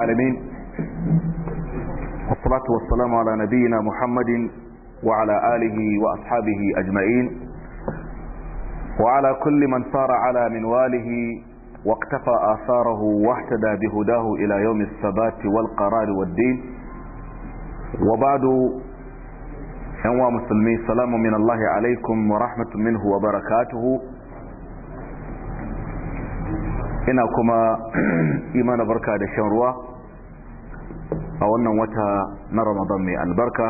العالمين والصلاة والسلام على نبينا محمد وعلى آله وأصحابه أجمعين وعلى كل من صار على منواله واقتفى آثاره واحتدى بهداه إلى يوم الثبات والقرار والدين وبعد أنواع مسلمين سلام من الله عليكم ورحمة منه وبركاته ina kuma imana barka da shan ruwa a wannan wata na ramadan mai albarka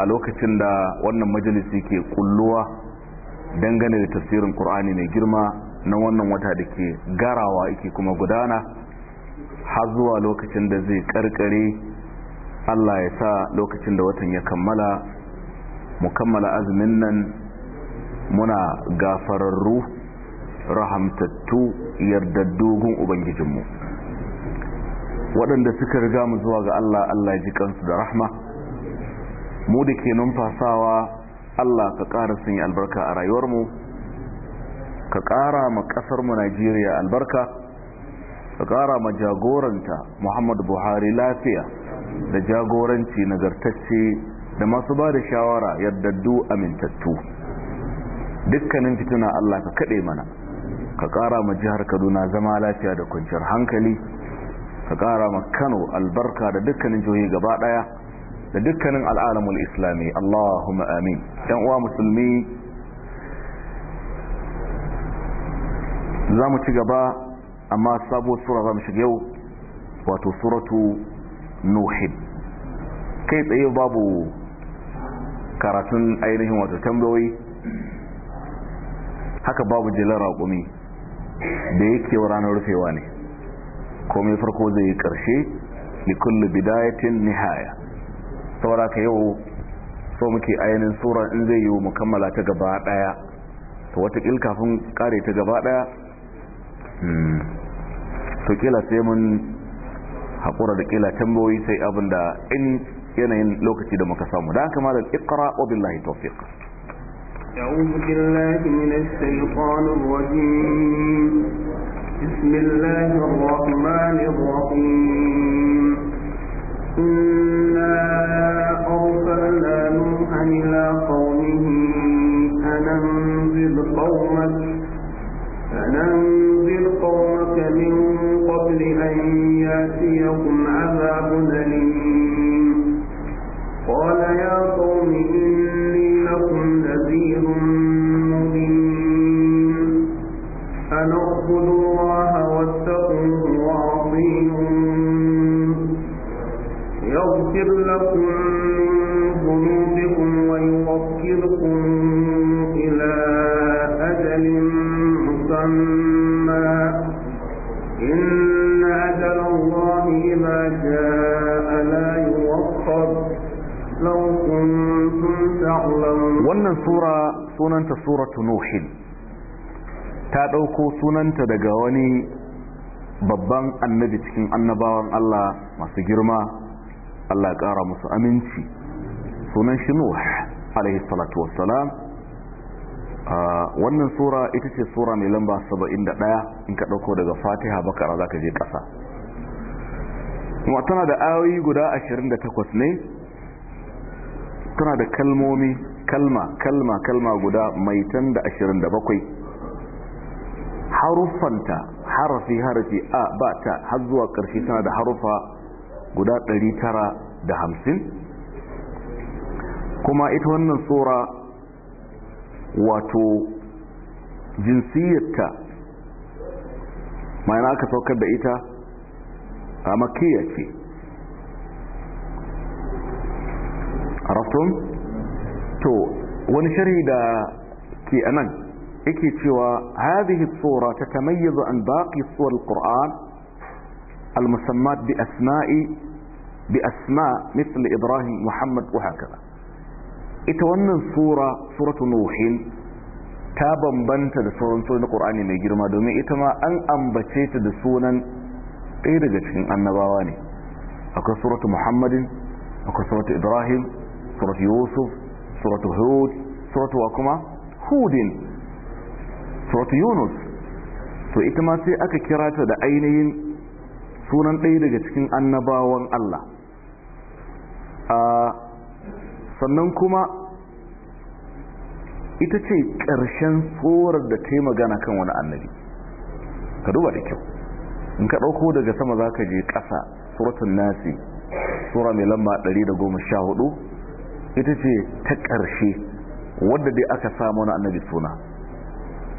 a lokacin da wannan majalisi ke kulluwa dangane da tafsirin ƙur'ani mai girma na wannan wata da ke garawa yake kuma gudana har zuwa lokacin da zai karkare allah ya sa lokacin da watan ya kammala mu kammala azumin nan muna gafararru rahamtattu dogon ubangijinmu waɗanda suka riga mu zuwa ga Allah Allah ya ji kansu da rahma mu da ke numfasawa Allah ka ƙara sun yi albarka a rayuwarmu ka ƙara ma ƙasar mu Najeriya albarka ka ƙara ma jagoranta Muhammadu Buhari lafiya da jagoranci nagartacce da masu ba da shawara du amintattu dukkanin fituna Allah ka kaɗe mana ka ƙara ma jihar Kaduna zama lafiya da kwanciyar hankali ka kara ma Kano albarka da dukkanin jihohi gaba daya da dukkanin al'alamul islami Allahumma amin yan uwa musulmi za mu ci gaba amma sabuwar sura za mu shiga yau wato suratu nuhin kai tsaye babu karatun ainihin wato tambayoyi haka babu jelar raƙumi da yake ranar rufewa ne komai farko zai yi ƙarshe, ni kullu bidayatin nihaya saboda ka yau so muke ayanin sura in zai yi mu kammala ta gaba daya to kil kafin kare ta gaba daya hmm, to kila sai mun hakura da kila tambayoyi sai abinda da in yanayin lokaci da muka samu da kama Da iqra wa billahi tawfiq أعوذ بالله من الشيطان الرجيم بسم الله الرحمن الرحيم إنا أرسلنا نوحا إلى قومه أننذر قومك فننذر قومك من قبل أن يأتيكم عذاب أليم قال يا قوم يغفر لكم ذنوبكم ويوكلكم إلى أجل مسمى إن أجل الله إذا جاء لا يوفر لو كنتم تعلمون wannan sura sunanta suratu nuhin ta ɗauko sunanta daga wani babban annabi cikin annabawan Allah masu girma Allah ya ƙara musu aminci sunan shi Nuh alaihi salatu wassalam wannan sura ita ce sura mai lamba 71 in ka ɗauko daga Fatiha bakara zaka je ƙasa kuma tana da ayoyi guda 28 ne tana da kalmomi kalma kalma kalma guda mai tan da 27 haruffanta harafi harafi a ba ta har zuwa ƙarshe tana da harufa guda 950 kuma ita wannan tsora wato jinsiyarta ma'ana aka saukar da ita a makiya ce arafton to wani sharhi da ke anan yake cewa hadhihi tsora ta tamayyazu an baki suwar al المسمات بأسماء بأسماء مثل إبراهيم محمد وهكذا إتوانا سورة سورة نوحين تابا بنت دا سورة سورة القرآن ميجير ما دومي إتما أن أنبتيت دا سونا إيرجت من النباواني أكو سورة محمد أكو سورة إبراهيم سورة يوسف سورة هود سورة وكما هود سورة يونس to ita ma sai aka kira ta da ainihin sunan ɗaya daga cikin annabawan Allah sannan kuma ita ce ƙarshen tsorar da ta magana kan wani annabi ka duba da kyau in ka ɗauko daga sama za ka je ƙasa suratun nasi sura mai lamba 114 ita ce ta ƙarshe wadda dai aka samu wani annabi suna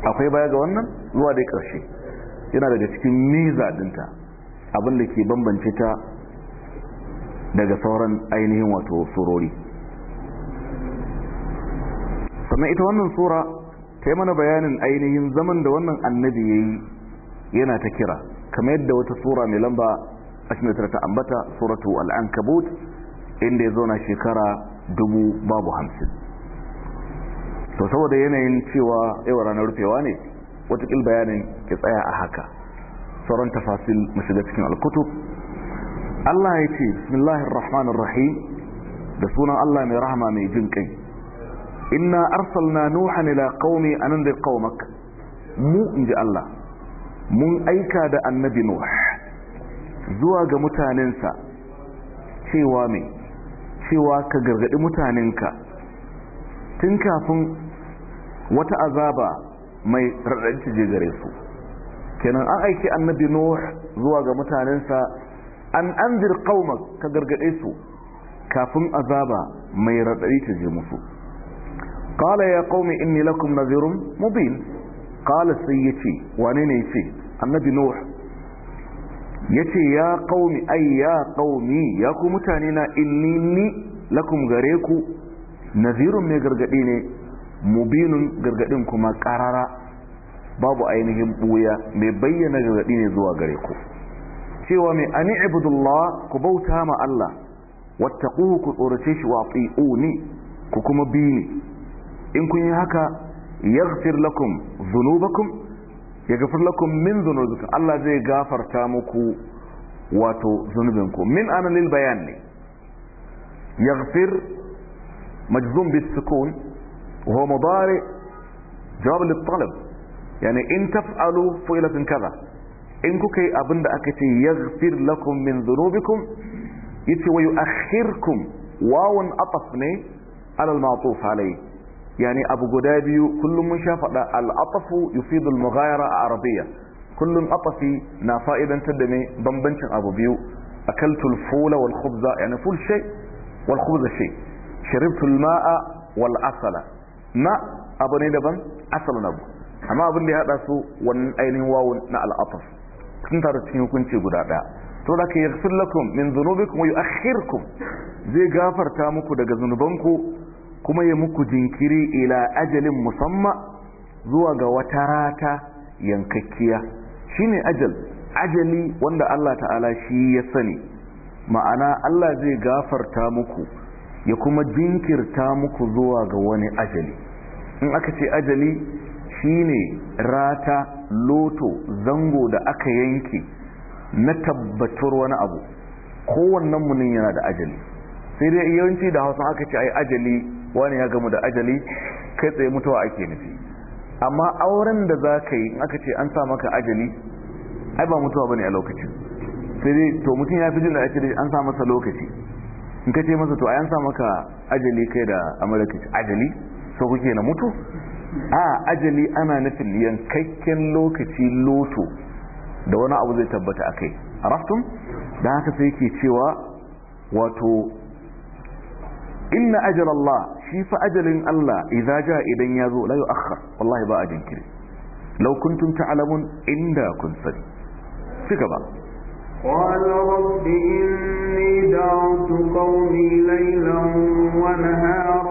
akwai baya ga wannan zuwa dai ƙarshe yana daga cikin nizadinta dinta abin da ke bambance ta daga sauran ainihin wato surori sannan ita wannan sura ta yi mana bayanin ainihin zaman da wannan annabi ya yi yana ta kira kamar yadda wata sura mai lamba da ta ambata suratu al'ankabut inda ya zauna shekara dubu babu hamsin to saboda yanayin cewa yawa ranar rufewa ne watakil bayanin ya tsaya a haka sauran tafasil mu shiga cikin alkutub Allah ya ce bismillahir rahmanir rahim da sunan Allah mai rahama mai jin kai inna arsalna nuhan ila qaumi an anzir qaumak mu inji Allah mun aika da annabi nuh zuwa ga mutanensa cewa mai cewa ka gargadi mutanenka tun kafin wata azaba mai raɗaɗi ta je gare su kenan an aiki annabi nuh zuwa ga mutanensa an anzir qaumak ka gargade su kafin azaba mai radari ta je musu qala ya qaumi inni lakum nadhirun mubin qala sayyati wane ne yace annabi nuh yace ya qaumi ay ya qaumi ya ku mutane na inni ni lakum gare ku nadhirun mai gargade ne mubinun gargadin kuma qarara babu ainihin buya mai bayyana gargaɗi ne zuwa gare ku cewa mai ani ibudullah ku bauta ma Allah wattaquhu ku tsorace shi wa fi'uni ku kuma bi ni in kun yi haka yaghfir lakum dhunubakum yaghfir lakum min dhunubikum Allah zai gafarta muku wato zunubin ku min analil bayan ne yaghfir majzum مجزوم بالسكون وهو مضارع جواب للطلب yani in taf'alu fu'ilatun kaza in kuka yi abin da aka ce yaghfir lakum min dhunubikum yace wa yu'akhirkum wawun ataf ne ala al-ma'tuf alayhi yani abu guda biyu kullum mun sha faɗa al-atafu yufidu al-mughayara a arabiyya kullum atafi na fa'idantar da me bambancin abu biyu akaltu al-fula wal khubza yani ful shay wal khubza shay sharibtu al-ma'a wal asala ma abu ne daban asalun abu amma abin da ya hada su wannan ainihin wawo na al'afas sun taru cikin hukunci guda ɗaya. to da ka yaghfir lakum min dhunubikum wa yu'akhirkum zai gafarta muku daga zunubanku kuma ya muku jinkiri ila ajalin musamma zuwa ga wata rata yankakkiya shine ajal ajali wanda Allah ta'ala shi ya sani ma'ana Allah zai gafarta muku ya kuma jinkirta muku zuwa ga wani ajali in aka ce ajali shine rata loto zango da aka yanke na tabbatar wani abu kowannan munin yana da ajali sai dai yawanci da hausa aka ce ai ajali wani ya gamu da ajali kai tsaye mutuwa ake nufi amma auren da za ka yi aka ce an sa maka ajali ai ba mutuwa bane a lokacin sai dai to mutum ya fi jin da ake da an sa masa lokaci in ka ce masa to ai an sa maka ajali kai da amurka ajali so kuke na mutu a ajali ana nufin yankakken lokaci loto da wani abu zai tabbata a kai araftun da haka sai ke cewa wato inna ajal Allah shi fa ajalin Allah idza ja idan ya zo la yu'akhkhar wallahi ba a jinkiri law kuntum ta'lamun inda kun sani ci gaba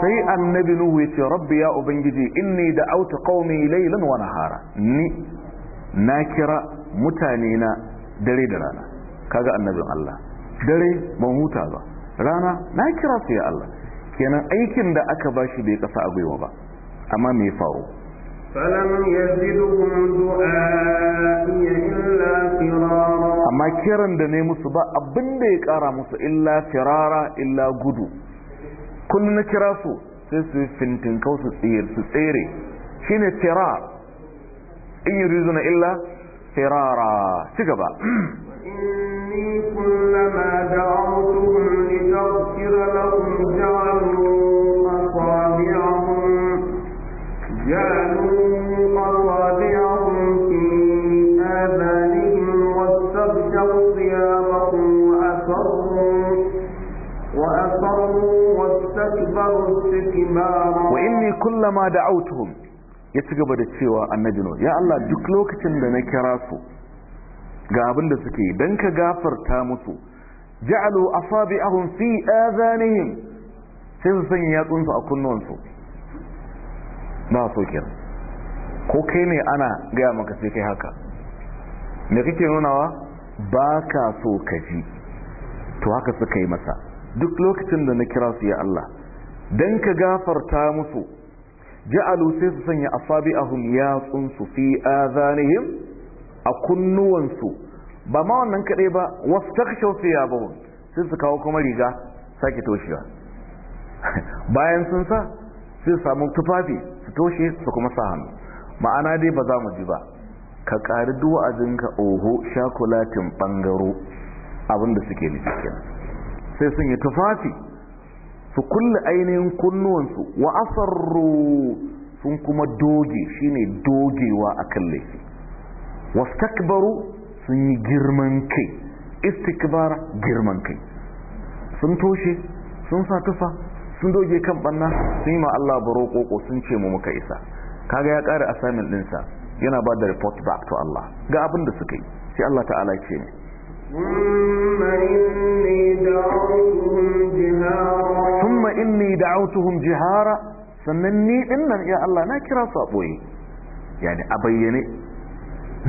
Sai Annabi Nuhu ya ce rabbi ya Ubangiji in ni da Auta ƙauni Lailan wana hara. Ni na kira mutanena dare da rana, kaga annabin Allah, dare mummuta ba, rana na kira suke Allah, kenan aikin da aka bashi bai kasa abin wu ba amma mu yi فلم يزدهم دعائي إلا فرارا أما كيران دني مصبا أبن دي كارا مصبا إلا فرارا إلا قدو كل نكراسو سيسو فنتن كوسو سير سيري شين فرار إن يريدون إلا فرارا تقبا وإني كلما دعوتهم لتغفر لهم جعلوا أصابعهم wa inni da da'awtuhum ya ci gaba da cewa annabi ya Allah duk lokacin da na kira su ga abin da suke dan ka gafarta musu ja'alu asabi'ahum fi adhanihim sai su sanya yatsunsu a kunnuwansu ba so kenan ko kai ne ana gaya maka sai kai haka me kake nunawa ba ka so ka ji to haka suka yi masa duk lokacin da na kira su ya Allah dan ka gafarta musu ja'alu sai su sanya asabi'ahum yatsunsu fi yin a kunnuwansu ba ma wannan kaɗai ba wasu wastakshaw thiyabahum sai su kawo kuma riga sake toshewa bayan sun sa sai samu tufafi su toshe su kuma sa hannu ma'ana dai ba za mu ji ba ka ƙari ka oho shakulatin ɓangaro abinda suke nufi kenan sai sun yi tufafi su kulle ainihin kunnuwansu wa asarru sun kuma doge shine dogewa a kan wasu wastakbaru sun yi girman kai istikbar girman kai sun toshe sun sa tufa sun doge kan banna sun yi ma Allah baro koko sun ce mu muka isa kaga ya ƙara assignment ɗinsa yana ba da report back to Allah ga abin da suka yi sai Allah ta'ala ce ne thumma inni da'awtuhum jihara sannan ni nan ya Allah na kira su a boye yani a bayyane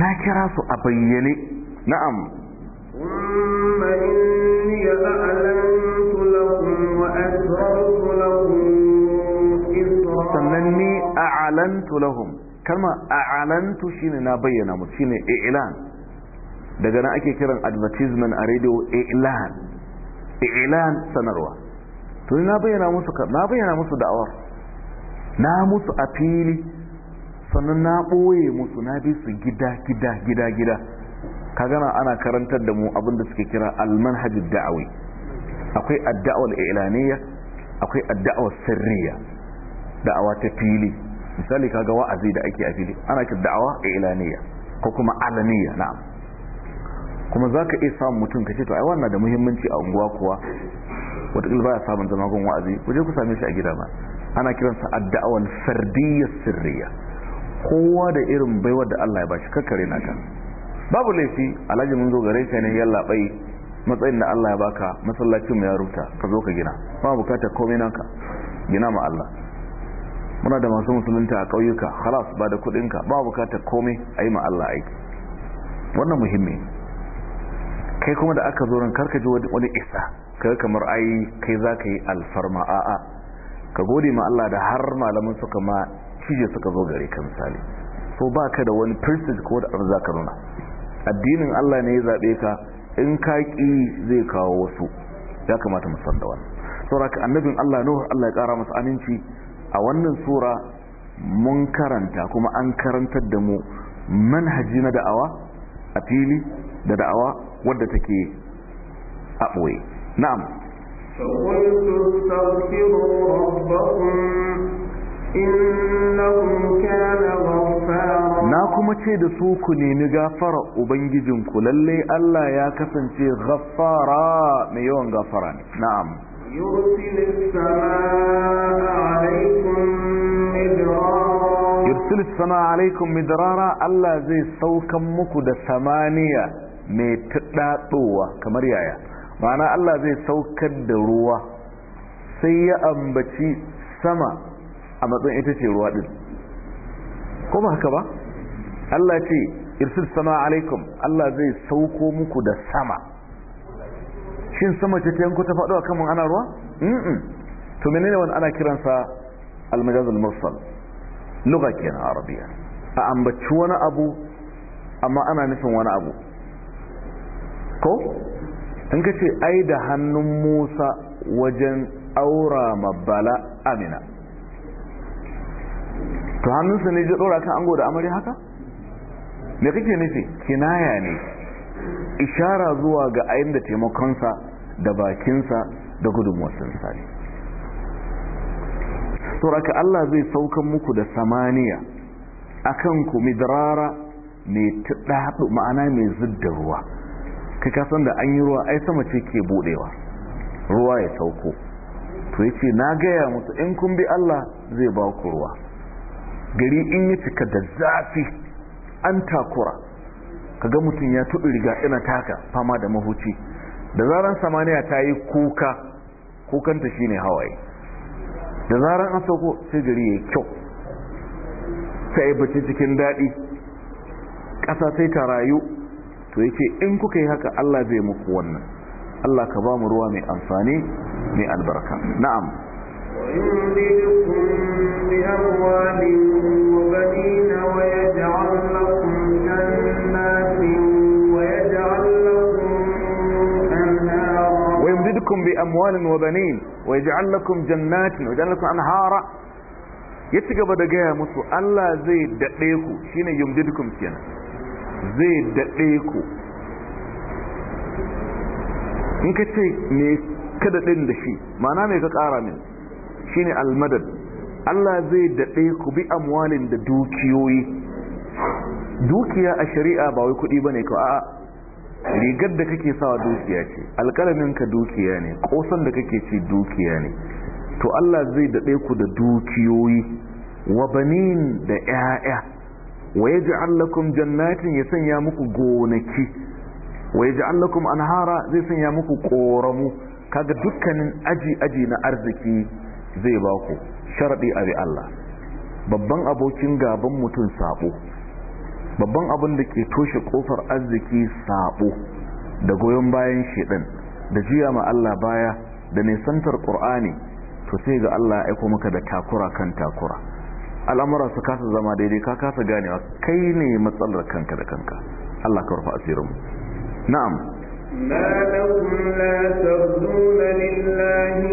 na kira su a bayyane na'am thumma inni ya'lamu sannan ni alantu lahum kalma a'alantu shine na bayyana mu shine i'lan daga nan ake kiran advertisement a radio i'lan i'lan sanarwa to na bayyana musu na bayyana musu da'awa na musu a fili sannan na boye musu na bi su gida gida gida gida gana ana karantar da mu abin da suke kira almanhajid manhajud da'awi akwai adda'awar ilaniya akwai adda'awar sirriya da'awa ta fili misali kaga wa'azi da ake a fili ana ki da'awa ilaniya ko kuma alaniya na'am kuma za ka iya samun mutum ka ce to ai wannan da muhimmanci a unguwa kuwa wataƙil ba ya samun zama gun wa'azi ku je ku same shi a gida ba ana kiransa adda'awar sardiyya sirriya kowa da irin baiwa da Allah ya bashi kakkare naka babu laifi alhaji mun zo gare shi ne yalla bai matsayin da Allah ya baka masallacin mu ya rubuta ka zo ka gina ba bukatar komai naka gina ma Allah muna da masu musulunta a ƙauyuka halas ba da kuɗinka ba bukatar komai a yi ma Allah aiki wannan muhimmi kai kuma da aka zo karka ji wani isa kai kamar ai kai za ka yi alfarma a'a ka gode ma Allah da har malaman suka ma cije suka zo gare ka misali so ba ka da wani prestige ko da abu za nuna addinin Allah ne ya zaɓe ka in kaƙi zai kawo wasu ya kamata musan da wani. saboda ka annabin Allah Nuhu Allah ya ƙara masu aminci a wannan sura mun karanta kuma an karantar da mu manhaji na da'awa a fili da da'awa wadda take a ɓoye na'am na kuma ce da su ku nemi gafara ubangijinku lalle Allah ya kasance gafara mai yawan gafara ne na'am yursil sama alaikum midrara Allah zai saukan muku da samaniya mai taɗaɗowa kamar yaya ma'ana Allah zai saukar da ruwa sai ya ambaci sama a matsayin ita ce ruwa din ko ba haka ba Allah ce irsul sama alaikum Allah zai sauko muku da sama shin sama ce ta yanku ta faɗo a kanmu ana ruwa mm to menene wani ana kiransa almajaz al-mursal lugha kenan arabiya a ambaci wani abu amma ana nufin wani abu ko in ka ce ai da hannun Musa wajen aura mabala amina to hannunsa ne ji ɗora kan ango da amari haka me kake nufi kinaya ne ishara zuwa ga ayin da taimakonsa da bakinsa da gudunmuwarsa to raka Allah zai saukan muku da samaniya akan ku midrara mai taɗaɗu ma'ana mai zidda ruwa kai kasan da an yi ruwa ai sama ce ke buɗewa ruwa ya sauko to yace na gaya musu in kun bi Allah zai ba ku ruwa gari in ya cika da zafi an takura kaga mutum ya tuɓi riga ina taka fama da mahuci da zaran samaniya ta yi kuka kukanta shine hawaye da zaran an sauko sai gari ya yi kyau yi bacci cikin daɗi ƙasa sai ta rayu to ya in kuka yi haka allah zai muku wannan allah ka ba mu ruwa mai amfani mai albarka na'am ويمددكم بأموال وبنين ويجعل لكم جنات ويجعل لكم أنهارا ويمددكم بأموال وبنين ويجعل لكم جنات ويجعل لكم أنهارا ya ci gaba da gaya masu Allah zai daɗe ku shine zai daɗe ku in ka ce me ka da shi mana me ka ƙara min shine almadad Allah zai daɗe ku bi amwalin da dukiyoyi dukiya a shari'a ba wai kuɗi bane ko a'a rigar da kake sawa dukiya ce alƙalamin ka dukiya ne ƙosan da kake ci dukiya ne to Allah zai daɗe ku da dukiyoyi wa banin da ƴaƴa wa yaj'al lakum jannatin ya sanya muku gonaki wa yaj'al lakum anhara zai sanya muku ƙoramu kaga dukkanin aji aji na arziki zai ba ku sharaɗi a bi Allah babban abokin gaban mutum saɓo babban abin da ke toshe ƙofar arziki saɓo da goyon bayan shedan da jiya ma Allah baya da nisantar qur'ani to sai ga Allah ya aiko maka da takura kan takura al'amura su kasa zama daidai ka kasa ganewa kai ne matsalar kanka da kanka Allah ka rufa asirin na'am ما لهم لا لله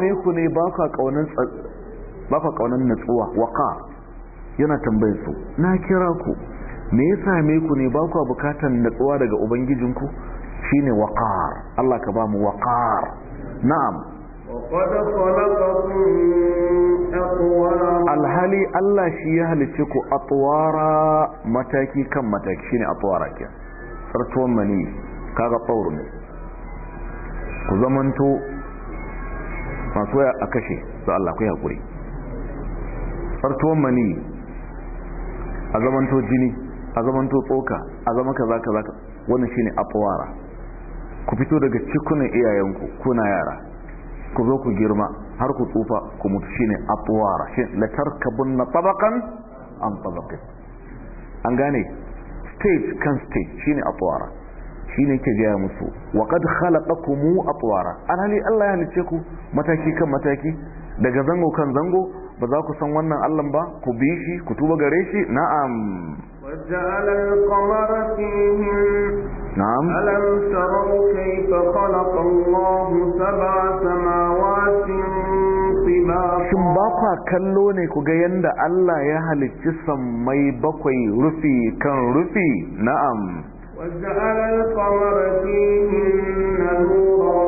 me ku ne ba ka kaunan natsuwa waqa yana tambayar su na kira ku me sa me ku ne ba ku bukatan natsuwa daga ubangijinku shine waqar Allah ka ba mu waqar na'am alhali Allah shi ya halice ku atwara mataki kan mataki shine atwara kenan sartuwan mani kaga tsawar ne ku zamanto masu waya a kashe za Allah ku yi haƙuri sartuwan mani a zamanto jini a zamanto tsoka a zama kaza kaza shi ne atwara ku fito daga cikunan iyayenku kuna yara ku zo ku girma har ku tsufa ku mutu shi ne shine shi latar kabin na tabaqan an tabaqin an gane stage kan stage shine atwara shine yake gaya musu wa mu khalaqakum atwara alhali Allah ya halice ku mataki kan mataki daga zango kan zango ba za ku san wannan Allah ba ku bi shi ku tuba gare shi na'am وجعل القمر نعم ألم تروا كيف خلق الله سبع سماوات shin ba kwa kallo ne ku ga yanda Allah ya halicci sammai bakwai rufi kan rufi na'am وجعل القمر فيهن نورا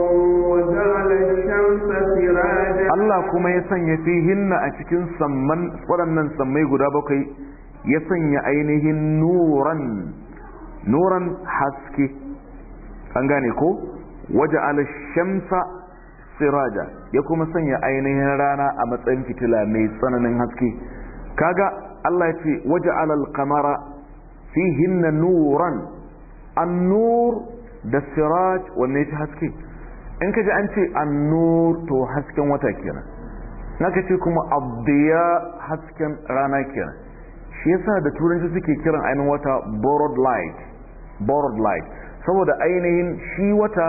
وجعل الشمس سراجا الله كما يسني فيهن أتكن سمن ورنن سمي قدا بقي عينه نورا نورا حسكي أنغاني وجعل الشمس سراجا ya kuma sanya ainihin rana a matsayin fitila mai tsananin haske kaga Allah ya ce waje alal kamara fi hinna nuran an-nur da siraj wanne ya haske in ka ji an ce an-nur to hasken wata kenan ka ce kuma abdiya hasken rana kenan shi yasa da turanci suke kiran ainihin wata borrowed light borrowed light saboda ainihin shi wata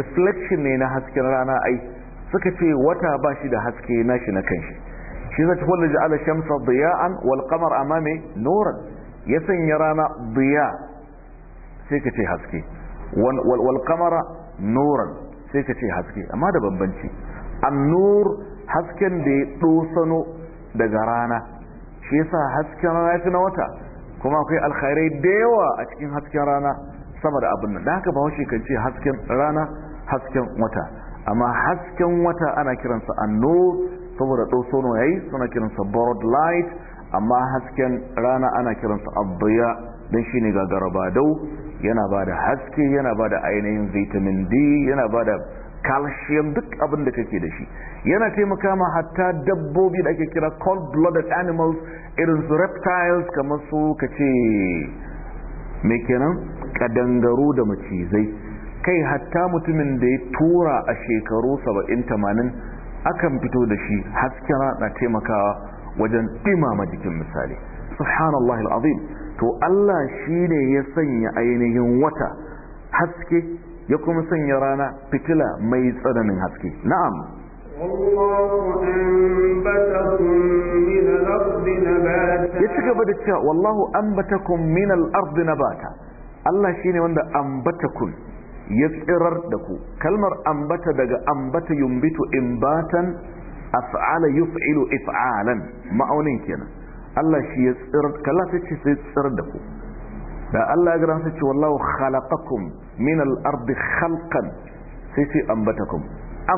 reflection ne na hasken rana aiki. suka ce wata ba shi da haske nashi na kanshi shi zai cikin lalaji ala shamsa diya'an wal qamar amame nuran ya sanya rana diya sai ka ce haske wal qamara sai ka ce haske amma da bambanci annur hasken da ya dosano daga rana shi yasa hasken rana ya fi na wata kuma akwai alkhairai da yawa a cikin hasken rana sama da abin nan da haka ba kan ce hasken rana hasken wata amma hasken wata ana kiransa annur saboda dosono yayi suna kiransa broad light amma hasken rana ana kiransa abdiya don shi ne shine ba dau yana ba da haske yana ba da ainihin vitamin D yana ba da calcium duk abin da kake da shi yana taimaka ma hatta dabbobi da ake kira cold blooded animals irin su reptiles kamar su kace me kenan kadangaru da macizai kai hatta mutumin da ya tura a shekaru 70-80 akan fito da shi haskara na taimakawa wajen dimama jikin misali subhanallah al'azim to Allah shi ne ya sanya ainihin wata haske ya kuma sanya rana fitila mai tsananin haske na'am ya ci gaba da cewa wallahu bata kun al-ardi bata Allah shine wanda kun. ya tsirar da ku kalmar ambata daga ambata yumbitu imbatan af'ala yuf'ilu if'alan ma'aunin kenan Allah shi ya tsirar kalla ta ce sai tsirar da ku da Allah ya garansa ce wallahu khalaqakum min al-ardi khalqan sai sai ambatakum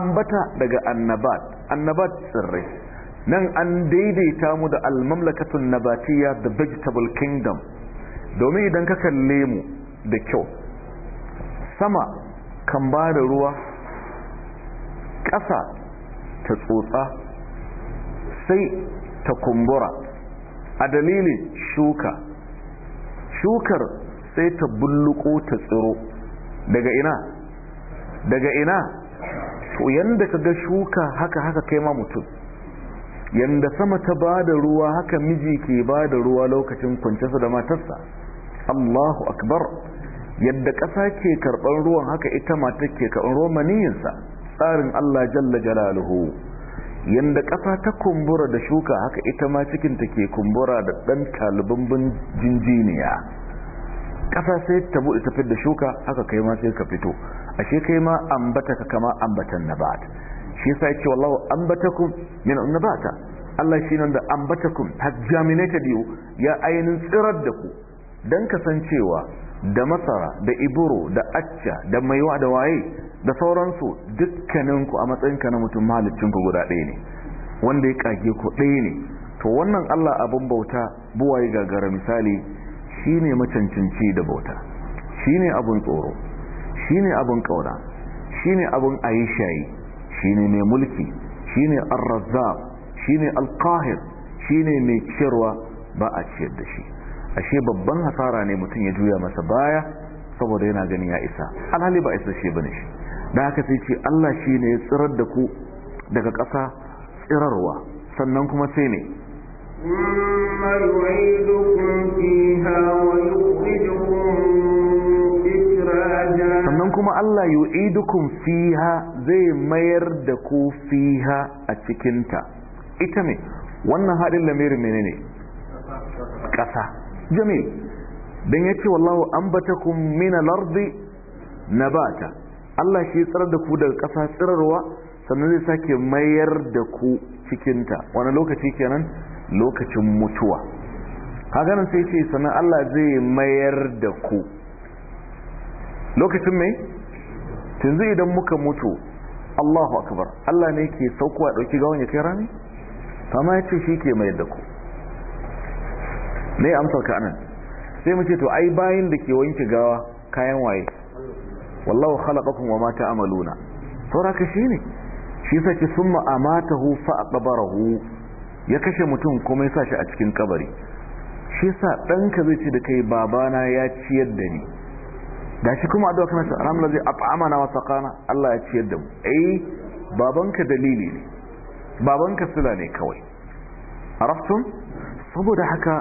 ambata daga annabat annabat tsirrai nan an daidaita mu da al-mamlakatun nabatiyya the vegetable kingdom domin idan ka kalle mu da kyau sama kan ba da ruwa ƙasa ta tsotsa sai ta kumbura a dalilin shuka shukar sai ta bulluko ta tsiro daga ina daga ina to yanda ka ga shuka haka haka kai ma mutum yanda sama ta ba da ruwa haka miji ke ba da ruwa lokacin kwancinsa da matarsa allahu akbar yadda ƙasa ke karɓar ruwan haka ita mata ke karɓar ruwan maniyinsa tsarin Allah jalla jalaluhu yadda ƙasa ta kumbura da shuka haka ita ma ta ke kumbura da ɗan talibin jinjiniya ƙasa sai ta buɗe ta da shuka haka kai ma sai ka fito ashe kai ma ambata ka kama ambatan nabat shi yasa yace wallahu ambatakum min nabata Allah shi nan da ambatakum has germinated you ya ainin tsirar da ku dan kasancewa da masara da iburo da acca da maiwa da waye da sauransu dukkaninku a matsayinka na mutum ku guda ɗaya ne wanda ya kage ku ɗaya ne to wannan allah abin bauta buwaye gagara misali shi ne macancinci da bauta shi ne abin tsoro shi ne abin ƙauna shi ne abin shayi shi ne mai mulki shi ne arrazab shi ne alkahir shi ne mai ciyarwa ba a ciyar da shi ashe babban hasara ne mutum ya juya masa baya saboda yana gani ya isa alhali ba isa shi bane shi da haka sai ce Allah shi ne ya tsirar da ku daga ƙasa tsirarwa sannan kuma sai ne sannan kuma Allah yu'idukum fiha zai mayar da ku fiha a cikinta ita ne wannan haɗin lamirin menene ƙasa jamil don ya ce wallahu an bata mina lardi na bata Allah shi tsirar da ku daga ƙasa tsirarwa sannan zai sake mayar da ku cikinta wani lokaci kenan lokacin mutuwa haganan sai ce sannan Allah zai mayar da ku lokacin mai tunzu idan muka mutu Allahu akbar Allah ne ke saukowa ɗauki gawon ya kai rami fama ya ce shi ke mayar da ku me amsar ka anan sai mu ce to ai bayin da ke wanke gawa kayan waye wallahu khalaqakum wama ta'maluna saura ka shine shi yasa ki summa amatahu fa aqbarahu ya kashe mutum kuma ya sa shi a cikin kabari shi yasa ka zai ce da kai babana ya ciyar da ni gashi kuma addu'a kana ta ramla zai at'amana wa saqana Allah ya ciyar da mu eh babanka dalili ne babanka sila ne kawai araftum saboda haka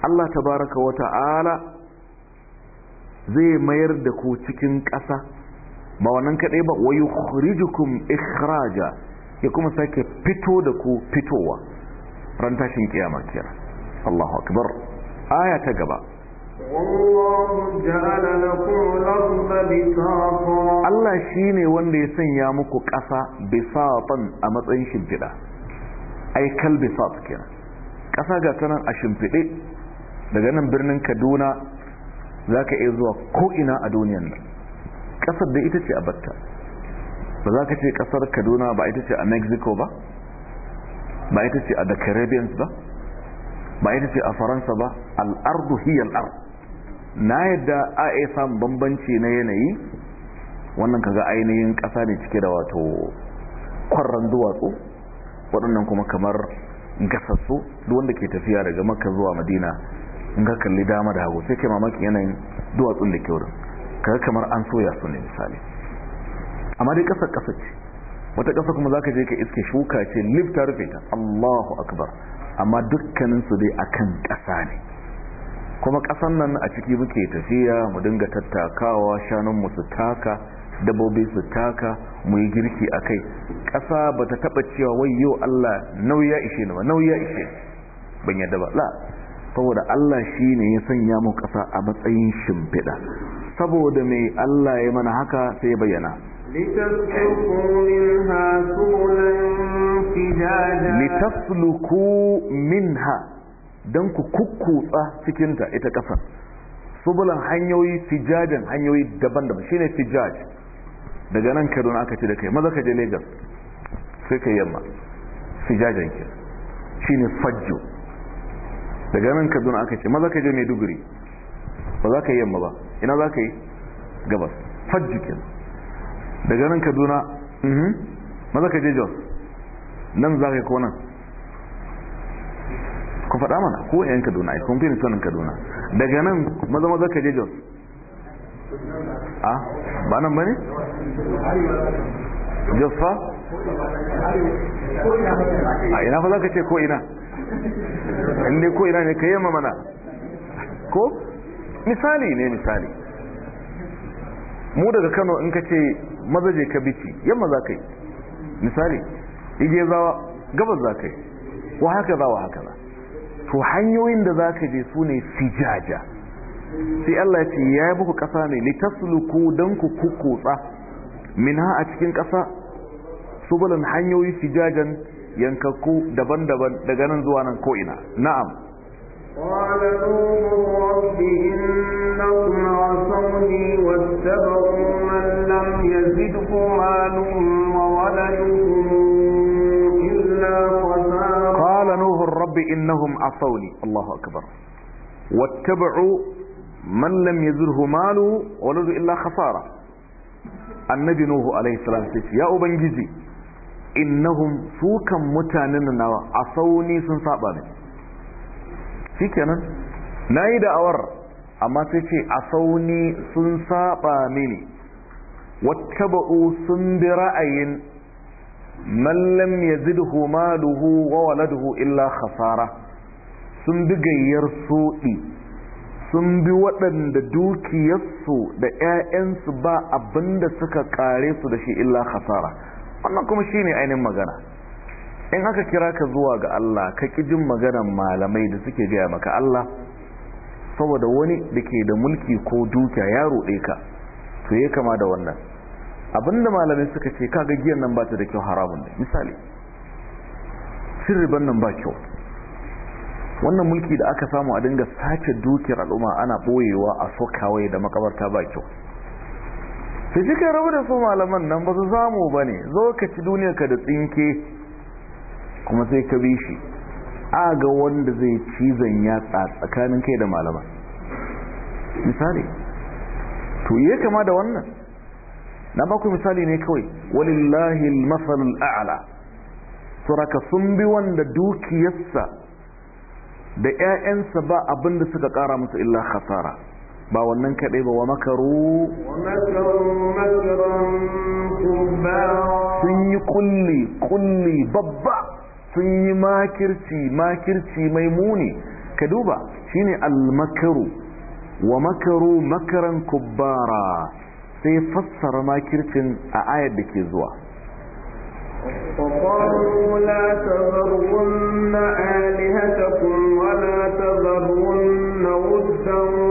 Allah Ta baraka wa ta'ala zai mayar da ku cikin ƙasa ba wannan kaɗai ba wa yukhrijukum ikhraja ya kuma sake fito da ku fitowa ran tashin kiyama kiyar Allahu akbar aya ta gaba Allah shi ne wanda ya sanya muku ƙasa bisatan a matsayin shimfiɗa, aikal bisat kenan. Ƙasa ga tanan a shimfiɗe daga nan birnin kaduna za ka iya zuwa ko'ina a duniyan nan ƙasar da ita ce a batta ba za ka ce ƙasar kaduna ba ita ce a mexico ba ba ita ce a the caribbean ba ba ita ce a faransa ba al'ardu hiyar ar na yadda a iya samun bambanci na yanayi wannan kaga ainihin ƙasa ne cike da wato kwarran duwatsu waɗannan kuma kamar gasassu duk wanda ke tafiya daga maka zuwa madina in ka kalli dama da hagu sai kai mamaki yanayin duwatsun da ke wurin kaga kamar an soya su ne misali amma dai kasar ƙasa ce wata ƙasa kuma za ka je ka iske shuka ce lifta rufe ta Allahu akbar amma dukkanin su dai akan ƙasa ne kuma ƙasan nan a ciki muke tafiya mu dinga tattakawa shanun mu su taka dabbobi su taka mu yi girki a kai ƙasa ba ta taɓa cewa wai yau Allah nauyi ya ishe ni ba nauyi ya ishe ban yadda ba la saboda Allah shi ne ya sanya mu kasa a matsayin shimfiɗa saboda mai Allah ya mana haka sai bayyana litasluku minha don ku kukkutsa cikinta ita ƙasa subulan hanyoyi fijajen hanyoyi daban-daban shine fijaj daga nan kaduna aka ci da kai maza ka je lagos sai ka yamma fijajen ke shine fajjo daga nan kaduna aka ce maza ka je maiduguri ba za ka yi yamma ba ina za ka yi gabas hajji daga nan kaduna mhm. maza ka je jos nan za ka yi ko nan ku faɗa mana ko yan kaduna ai kun fi kaduna daga nan maza maza ka je jos a ah, ba nan ba ne jos fa a ina fa za ka ce ko ina inda ko ina ne ka yi mana ko misali ne misali mu daga kano in ka ce mazaje ka biki, yamma za ka yi misali ige zawa gabas za ka yi wa haka za wa haka za to hanyoyin da za ka je su ne fijaja sai Allah ce ya yi muku ƙasa ne litasluku don ku Min ha a cikin ƙasa subulan hanyoyi fijajen yankakku daban-daban daga nan zuwa nan ko'ina na'am قال نوح الرب إنهم عصوني الله أكبر واتبعوا من لم يزره ماله وولده إلا خسارة النبي نوح عليه السلام يا أبن جزي innahum sukan mutanen nan nawa a sauni sun saba ne shikenan nayi da'awar amma sai ce a sauni sun saba mini ba'u sun bi ra'ayin man lam yazidhu maluhu wa waladuhu illa khasara sun bi gayyar sodi sun bi waɗanda dukiyarsu da 'ya'yansu ba abinda suka kare su da shi illa khasara wannan kuma shi ne ainihin magana in aka kira ka zuwa ga Allah ka jin maganan malamai da suke gaya maka Allah saboda wani da ke da mulki ko dukiya ya roɗe ka to ya kama da wannan abinda malamai suka ce kaga giyan nan ba ta da kyau haramun ne misali sirriban nan ba kyau wannan mulki da aka samu a dinga sace dukiyar al'umma ana ɓoyewa a sokawai da makabarta ba kyau sai shi rabu da su malaman nan ba su samu ba ne zo ka ci duniya ka da tsinke kuma sai ka bi shi a ga wanda zai cizon yatsa tsakanin kai da malaman misali to yi kama da wannan na baku misali ne kawai walillahi al a'ala su suraka sun bi wanda dukiyarsa da 'ya'yansa ba abinda suka kara musu illa khasara ba wannan kaɗai ba wa makaru sun yi kulli kulli babba sun yi makirci makirci mai muni ka duba shine almakaru wa makaru makaran kubbara sai fassara makircin a ayar da ke zuwa وقالوا لا تذرن آلهتكم ولا na ودا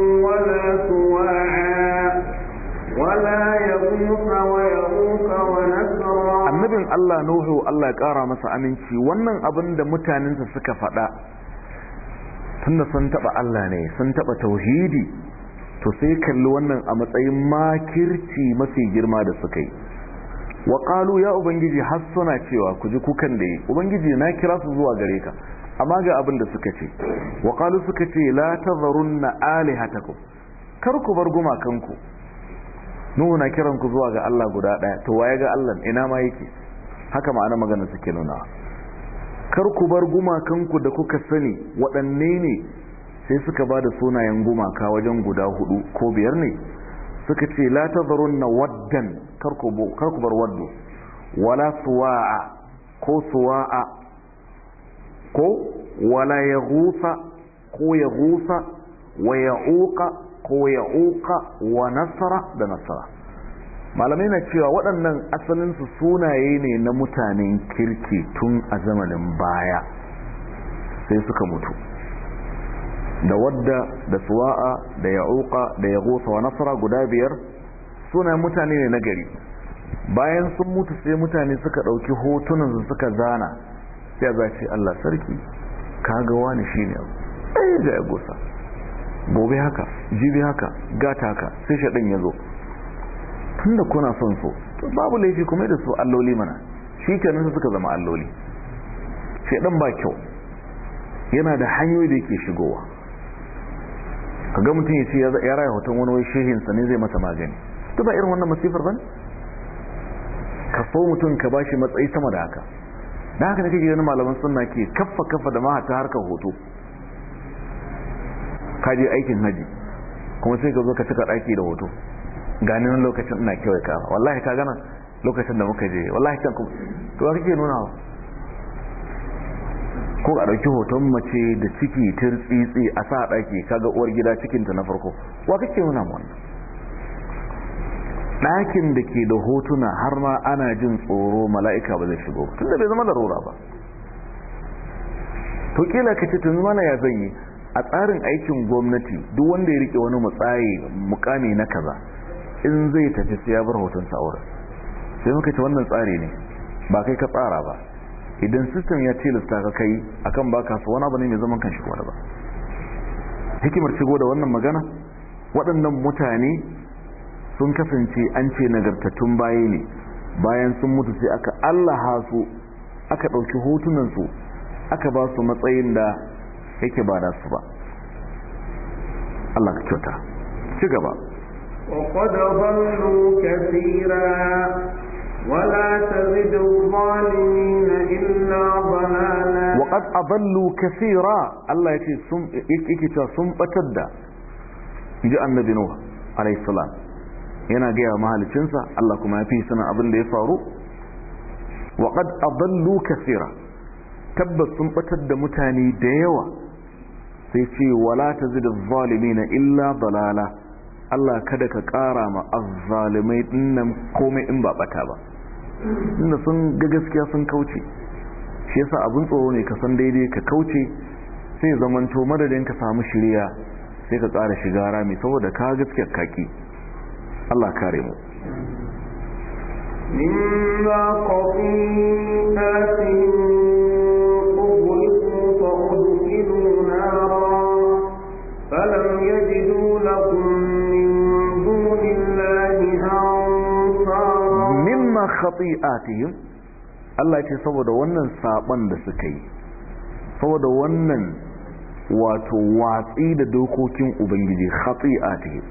annabin Allah Nuhu Allah ya ƙara masa aminci wannan abin da mutanensa suka faɗa tunda sun taɓa Allah ne sun taɓa tauhidi to sai kalli wannan a matsayin makirci mafi girma da suka yi wa ƙalu ya ubangiji har cewa ku ji kukan da yi ubangiji na kira su zuwa gare ka amma ga abin da suka ce wa ƙalu suka ce la Ali alihatakum kar ku bar gumakanku nuhu na kiran ku zuwa ga Allah guda ɗaya to waye ga Allah ina ma yake haka ma'ana magana suke nuna kar ku bar gumakanku da kuka sani waɗanne ne sai suka ba da sunayen gumaka wajen guda hudu ko biyar ne suka ce la ta na waddan kar ku bar waddo wala suwa'a ko suwa'a ko wala ya ko ya gusa wa ya uka ko ya uka wa nasara da nasara malamai na cewa waɗannan asalinsu sunaye ne na mutanen kirki tun a zamanin baya sai suka mutu da wadda da suwa'a da ya'uka da yagosa wa nasara guda biyar sunayen mutane ne na gari bayan sun mutu sai mutane suka ɗauki hotunan su suka zana sai a zace allah sarki kaga wani shi ne abu ɗaya gobe haka jibi haka gata haka sai shaɗin ya zo Tunda kuna son so babu laifi kuma da su alloli mana shi kenan su suka zama alloli shaidan ba kyau yana da hanyoyi da yake shigowa ka ga mutum ya ce ya raya hoton wani wai sa ne zai masa magani ta ba irin wannan masifar ba ka so mutum ka ba shi matsayi sama da haka da haka da ganin malaman sunna ke kaffa kaffa da mahata harkar hoto ka je aikin haji kuma sai ka zo ka cika ɗaki da hoto ganin lokacin ina kewaye ka wallahi ka gana lokacin da muka je wallahi can kuma to ba kake nuna ko a ɗauki hoton mace da ciki tirtsitsi a sa daki kaga uwar gida cikinta na farko wa kake nuna mu wannan ɗakin da ke da hotuna har ma ana jin tsoro mala'ika ba zai shigo tunda bai zama larura ba to kila ka ce tun mana ya zan yi a tsarin aikin gwamnati duk wanda ya rike wani matsayi mukami na kaza in zai tafi sai ya bar hoton sa aure sai muka ce wannan tsari ne ba kai ka tsara ba idan system ya tilasta ka kai akan baka su wani abu ne mai zaman kanshi kuma ba hikimar shigo da wannan magana waɗannan mutane sun kasance an ce nagartattun baye ne bayan sun mutu sai aka allaha su aka ɗauki hotunansu aka ba su matsayin da yake ba da su ba Allah ka kyauta ci gaba وقد ضلوا كثيرا ولا تزد الظالمين إلا ضلالا وقد أضلوا كثيرا الله يكي سم يكي سم النبي نوح عليه السلام yana gaya mahalicinsa Allah kuma ya fi sanin abin da ya faru waƙad adallu kasira tabbas sun batar da mutane da yawa sai ce wala ta illa dalala Allah kada ka ƙara ma azzalimai dinnan komai in ba bata ba inda sun ga gaskiya sun kauce shi yasa abin tsoro ne ka san daidai ka kauce sai zamanto madadin ka samu shirya sai ka ƙara shiga rami saboda ka gaskiya kaki Allah kare mu bima khati'atihim Allah ce saboda wannan saban da suka yi saboda wannan wato watsi da dokokin ubangiji khati'atihim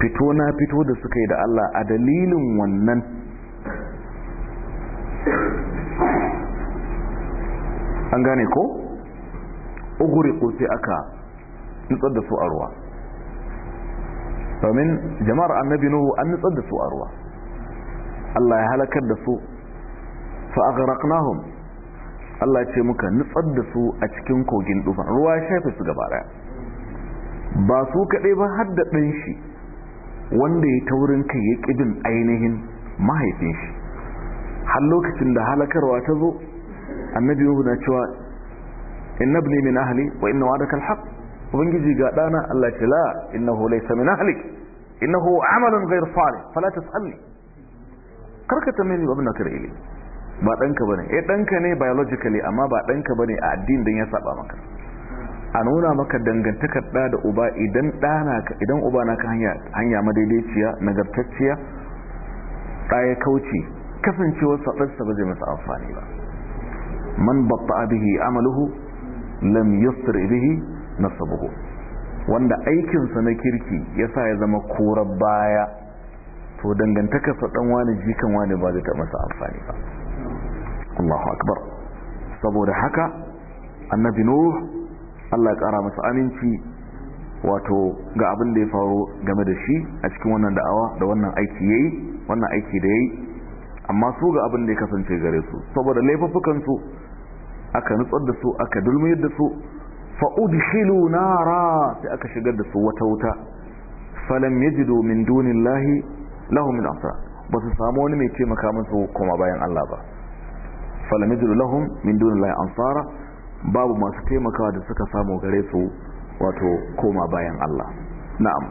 fito na fito da suka yi da Allah a dalilin wannan an gane ko uguri ko sai aka nutsar da su a ruwa domin jama'ar annabi nuhu an nutsar da su a ruwa Allah ya halakar da su fa aghraqnahum Allah ce muka nutsar da su a cikin kogin dufa ruwa ya shafe su gaba ba su kaɗai ba har da ɗan shi wanda ya taurin kai ya ƙibin ainihin mahaifin shi har lokacin da halakarwa ta zo annabi yahu na cewa inna ibni min ahli wa inna wa'adaka alhaq ubangiji ga dana Allah ce la innahu laysa min ahlik innahu amalun ghayr salih fala tasalni karka tambaye na da kare ilimi ba ɗanka bane ya eh, ɗanka ne biologically amma ba ɗanka bane a addini don ya saba maka a nuna maka dangantakar ɗa da uba idan uba na ka hanya madaidaiciya nagartacciya ɗa ya kauce kasancewar ba zai masa amfani ba man babba bihi amaluhu lam yusr bihi nasabuhu wanda aikinsa na kirki yasa ya zama korar baya to dangantaka sa dan wani jikan wani ba zai ta sa amfani ba Allahu akbar saboda haka annabi nuh Allah ya kara masa aminci wato ga abin da ya faru game da shi a cikin wannan da'awa da wannan aiki yayi wannan aiki da yayi amma su ga abin da ya kasance gare su saboda laifukan su aka nutsar da su aka dulmiyar da su udkhilu nara sai aka shigar da su wata wuta falam yajidu min dunillahi Lahu min ansar ba su samu wani mai taimaka musu koma bayan Allah ba falam yajidu lahum min dunillahi ansara babu masu taimakawa da suka samu gare su wato koma bayan Allah na'am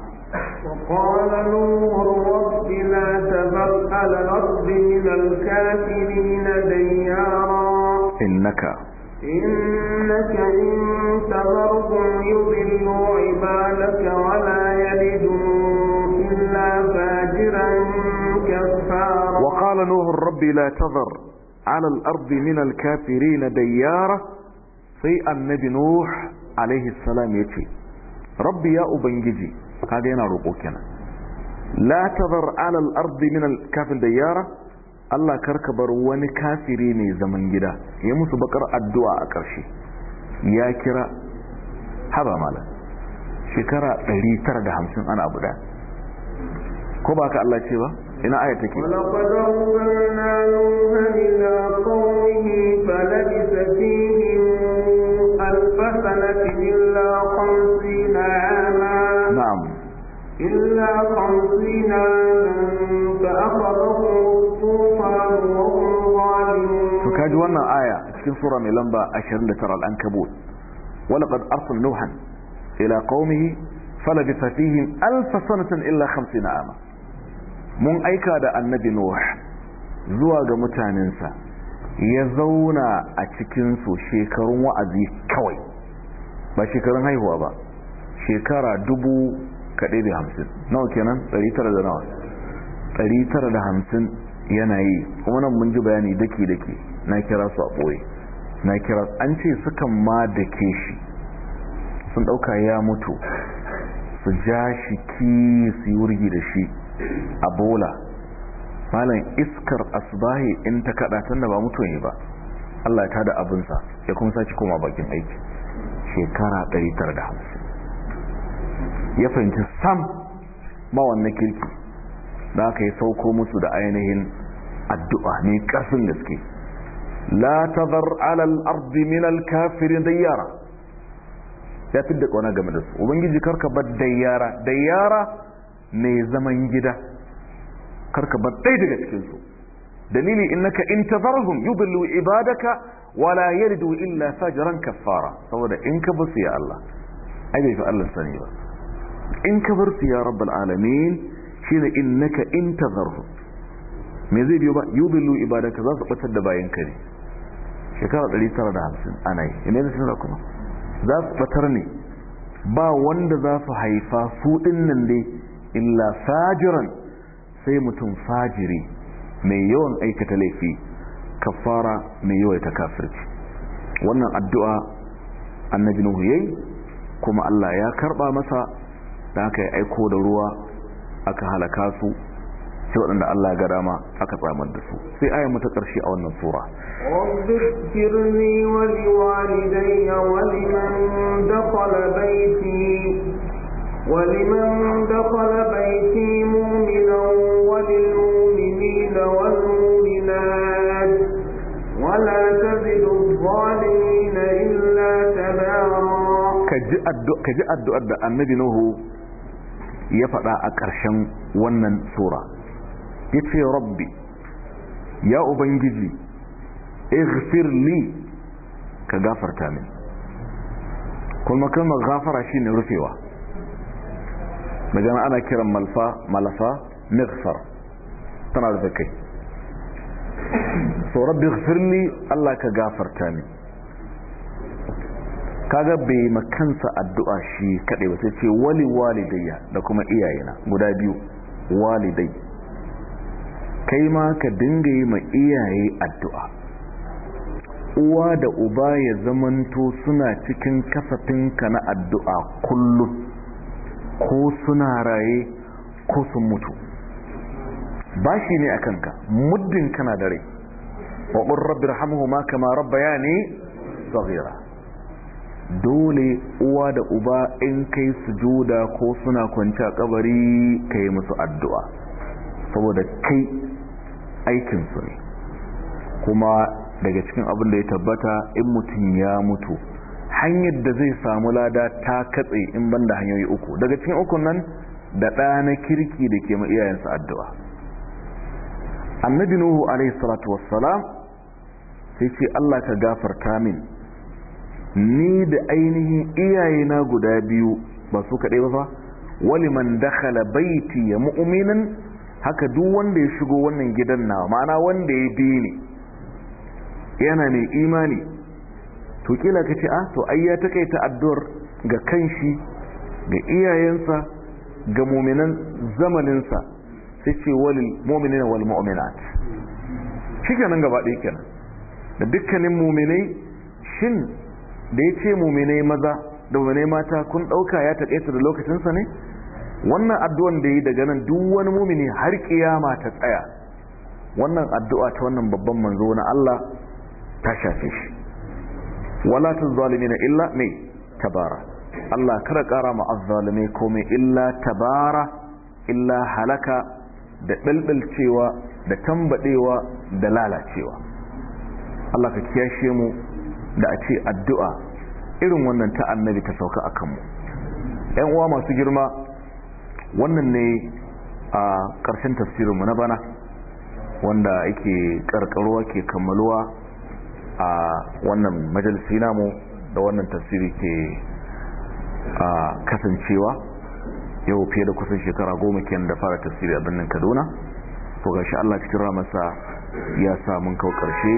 وقال نوح رب لا تذر على الأرض من الكافرين ديارا إنك إنك إن تذرهم يضلوا عبادك ولا يلدون إلا فاجرا كفارا وقال نوح الرب لا تذر على الأرض من الكافرين ديارة في النبي نوح عليه السلام يتي ربي يا أبنجي أنا ينا أنا لا تذر على الأرض من الكافر ديارة الله كركبر ونكافرين زمن جدا يمس بكر الدعاء كرشي يا كرا هذا مالا شكرا لي ترجع همسون أنا أبدا ko ba ka Allah ce ba ina ayat take na'am illa 50 fa kaji wannan aya cikin sura mai lamba 29 al-ankabut ولقد أرسل نوحا ila قومه فلبث فيهم ألف سنة إلا خمسين عاما mun aika da annabi nuh zuwa ga mutanensa ya zauna a cikin su shekarun wa'azi kawai ba shekarun haihuwa ba shekara dubu kaɗai da hamsin nawa kenan ɗari tara da nawa ɗari tara da hamsin yana yi kuma nan mun ji bayani daki-daki na kira su a ɓoye na kira an ce sukan ma da ke shi sun ɗauka ya mutu su ja shi ki su yi wurgi da shi a bola malam iskar asbahi in ta kada da ba mutu ne ba Allah ya tada abinsa ya kuma saki koma bakin aiki shekara 150 ya fahimci sam ba wannan kirki da aka yi sauko musu da ainihin addu'a ne ƙarfin gaske la zar alal ardi min al kafirin dayyara ya da ƙona game da su ubangiji karka bar da yara mai zaman gida karka bar ɗaya daga cikinsu dalili innaka in tazarhum yudillu ibadaka wala yalidu illa fajran kaffara saboda in ka bar su ya Allah ai bai fi Allah sani ba in ka bar su ya rabbal alamin shine innaka in tazarhum me zai biyo ba yudillu ibadaka za su batar da bayan ka ne shekara 950 ana yi ina da sunan kuma za su batar ne ba wanda za su haifa su dinnan dai illa fajiran sai mutum fajiri mai yawan aikata laifi kafara mai yawan ta kafirci wannan addu'a annabi nuhu yayi kuma Allah ya karba masa da aka yi aiko da ruwa aka halaka su sai waɗanda Allah ga dama aka tsamar da su sai aya mu ta ƙarshe a wannan sura wa ولمن دخل بيتي مؤمنا وللمؤمنين والمؤمنات ولا تزد الظالمين إلا تبارا كجي الدعاء da annabi Nuhu ya faɗa a ƙarshen wannan sura ya ce rabbi ya ubangiji ighfir li ka gafarta min kuma kalmar gafara shine rufewa majana ana kiran malfa malafa mighfar tana da kai so rabbi ighfirli Allah ka gafarta ni kaga bai makansa addu'a shi kadai ba sai ce wali walidayya da kuma iyayena guda biyu walidai kai ma ka dinga yi ma iyaye addu'a uwa da uba ya zamanto suna cikin kasafinka na addu'a kullum ko suna raye ko sun mutu ba shi ne a kanka muddin kana da rai waɓin rabbi ma kama rabba ya ne tsagira dole uwa da uba in kai su juda ko suna kwanci a ƙabari ka yi musu addu'a saboda kai aikinsu ne kuma daga cikin abin da ya tabbata in mutum ya mutu hanyar da zai samu lada ta katse in banda hanyoyi uku daga cikin ukun nan da ɗa na kirki da ke iyayensa addu'a annabi nuhu alaihi salatu wassalam sai ce Allah ka gafarta min ni da ainihin iyayena guda biyu ba su kaɗai ba wali man dakhala baiti ya mu'minin haka duk wanda ya shigo wannan gidan na ma'ana wanda ya bi ni yana mai imani to kila ka ce a ah, to ai ya takaita addu'ar ga kanshi ga iyayensa ga muminan zamaninsa sai ce walil mu'minina wal mu'minat kenan gaba ɗaya kenan da dukkanin muminai shin da ya ce muminai maza da muminai mata kun ɗauka ya takaita da lokacinsa ne wannan addu'an da yi daga nan duk wani mumini har kiyama ta tsaya wannan addu'a ta wannan babban manzo na Allah ta shafe shi wala na illa me tabara Allah kada kara ma azzalimai komai illa tabara illa halaka da dalbalcewa da tambaɗewa da lalacewa Allah ka kiyashe mu da a ce addu'a irin wannan ta annabi ta sauka a kanmu ‘yan uwa masu girma wannan ne a ƙarshen tafsirinmu na bana wanda yake ƙarƙarwa ke kammaluwa a wannan majalisi namu da wannan tasiri ke kasancewa yau fiye da kusan shekara goma kenan da fara tasiri a birnin kaduna to gashi allah cikin ramasa ya sa mun kawo karshe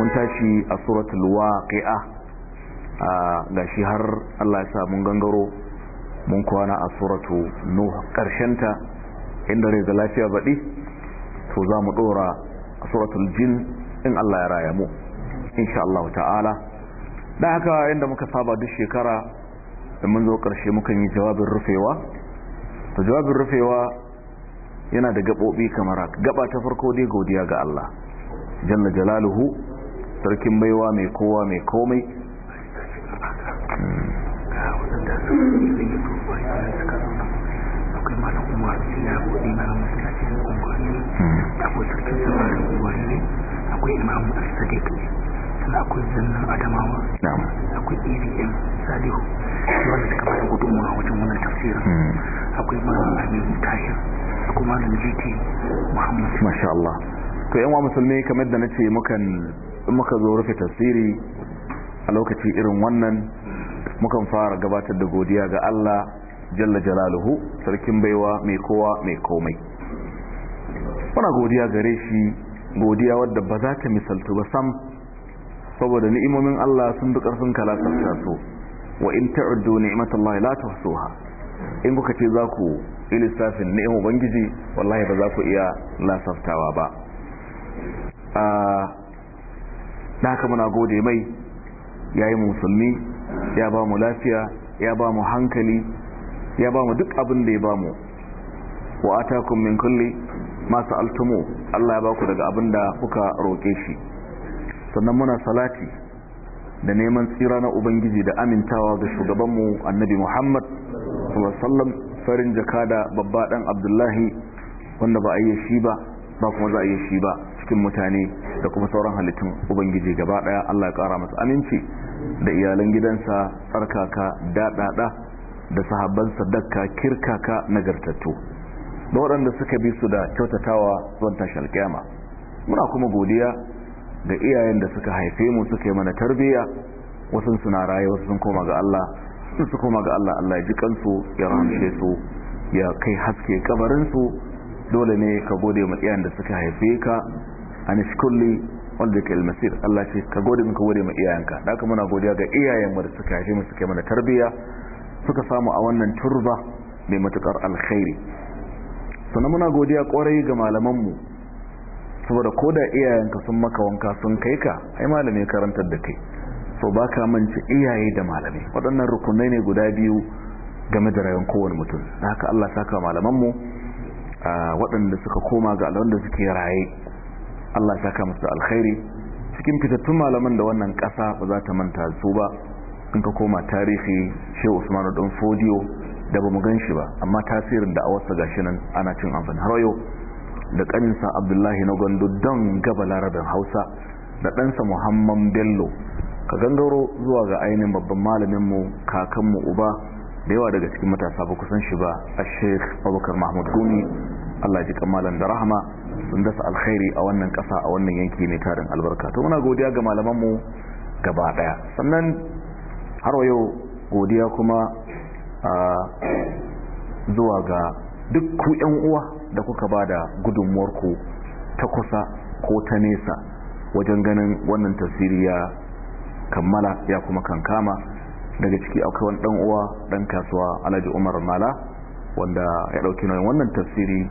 mun tashi a suratul waqi'a gashi har allah ya sa mun gangaro mun kwana a suratu nuh ta inda rai da lafiya baɗi to za mu ɗora a suratul jin in allah ya raya mu insha Allah ta'ala da haka inda muka saba duk shekara da mun zo karshe mukan yi jawabin rufewa to jawabin rufewa yana da gabobi kamar gaba ta farko dai godiya ga Allah jalla jalaluhu sarkin baiwa mai kowa mai komai akwai imamu sadiq akwai zannan adamawa akwai abm salihu wanda suka bada gudunmawa wajen wannan tafsirin hmm. akwai malam aminu tahir akwai malam gt Muhammadu. masha Allah to 'yanwa wa musulmi kamar da nace mukan muka zo rufe tafsiri a lokaci irin wannan mukan fara gabatar da godiya ga Allah jalla jalaluhu sarkin baiwa mai kowa mai komai muna godiya gare shi godiya wadda ba za ta misaltu ba sam saboda ni'imomin Allah sun bi karfin ka lasarta su wa in ta'uddu ni'matallahi la tuhsuha in kuka ce za ku lissafin ni'im ubangiji wallahi ba za ku iya lasaftawa ba a da haka muna gode mai yayi musulmi ya ba mu lafiya ya ba mu hankali ya ba mu duk abin da ya ba mu wa atakum min kulli ma sa'altumu Allah ya ba ku daga abin da kuka roke shi sannan muna salati da neman tsira na ubangiji da amintawa ga shugabanmu annabi muhammad sallam farin jakada babba dan abdullahi wanda ba a yi shi ba ba kuma za a yi shi ba cikin mutane da kuma sauran halittun ubangiji gaba daya allah ya kara masu aminci da iyalan gidansa tsarkaka daɗaɗa da sahabbansa dakka kirkaka nagartattu da waɗanda suka bi su da kyautatawa zuwan tashar kyama muna kuma godiya ga iyayen da suka haife mu suka mana tarbiyya wasu suna raye wasu sun koma ga Allah sun su koma ga Allah Allah ya ji kansu ya rahamshe su ya kai haske kabarin su dole ne ka gode ma iyayen da suka haife ka anishkulli wanda ke almasir Allah ce ka gode min ka gode ma iyayenka da haka muna godiya ga iyayen mu da suka haife mu suka mana tarbiyya suka samu a wannan turba mai matukar alkhairi sannan muna godiya kwarai ga malaman mu saboda ko da iyayenka sun maka wanka sun kai ka ai malami karantar da kai so ba ka iyaye da malami waɗannan rukunai ne guda biyu game da rayuwar kowane mutum da haka Allah saka malamanmu waɗanda suka koma ga alwanda suke raye Allah saka musu alkhairi cikin fitattun malaman da wannan ƙasa ba za ta manta su ba in ka koma tarihi shehu usman dan fodiyo da ba mu gan shi ba amma tasirin da awarsa gashi nan ana cin amfani har yau da ƙaninsa abdullahi na gwandu don gaba larabin hausa da ɗansa muhammad bello ka gangaro zuwa ga ainihin babban malaminmu kakanmu uba da yawa daga cikin matasa ba kusan shi ba a sheik abubakar mahmud gumi allah ji kamalan da rahama sun dasa alkhairi a wannan ƙasa a wannan yanki ne tarin albarka to muna godiya ga malamanmu gaba ɗaya sannan har yau godiya kuma ah, zuwa ga duk ku 'yan uwa da kuka ba da gudunmuwarku ta kusa ko ta nesa wajen ganin wannan tasiri ya kammala ya kuma kankama daga ciki akwai wani dan uwa dan kasuwa Alhaji Umar Mala wanda ya dauki nauyin wannan tasiri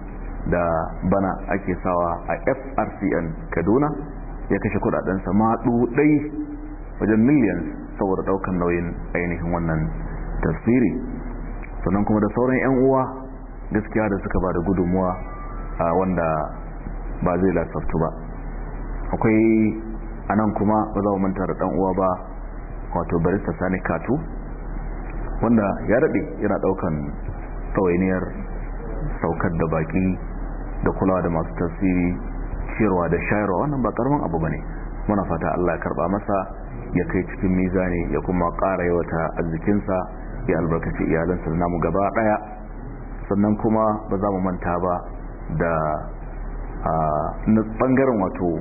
da bana ake sawa a FRCN Kaduna ya kashe kudaden sa ma dudai wajen miliyan saboda daukan nauyin ainihin wannan tasiri sannan kuma da sauran yan uwa gaskiya da suka ba da gudunmuwa wanda ba zai lasaftu ba akwai anan kuma ba za mu manta da dan uwa ba wato barista sani katu wanda ya daɗe yana ɗaukan tsawainiyar saukar da baki da kulawa da masu tasiri ciyarwa da shayarwa wannan ba karamin abu bane muna fata Allah ya karba masa ya kai cikin mizani ya kuma ƙara yawata arzikinsa ya albarkaci iyalansa namu gaba ɗaya sannan kuma ba za mu manta ba da na bangaren wato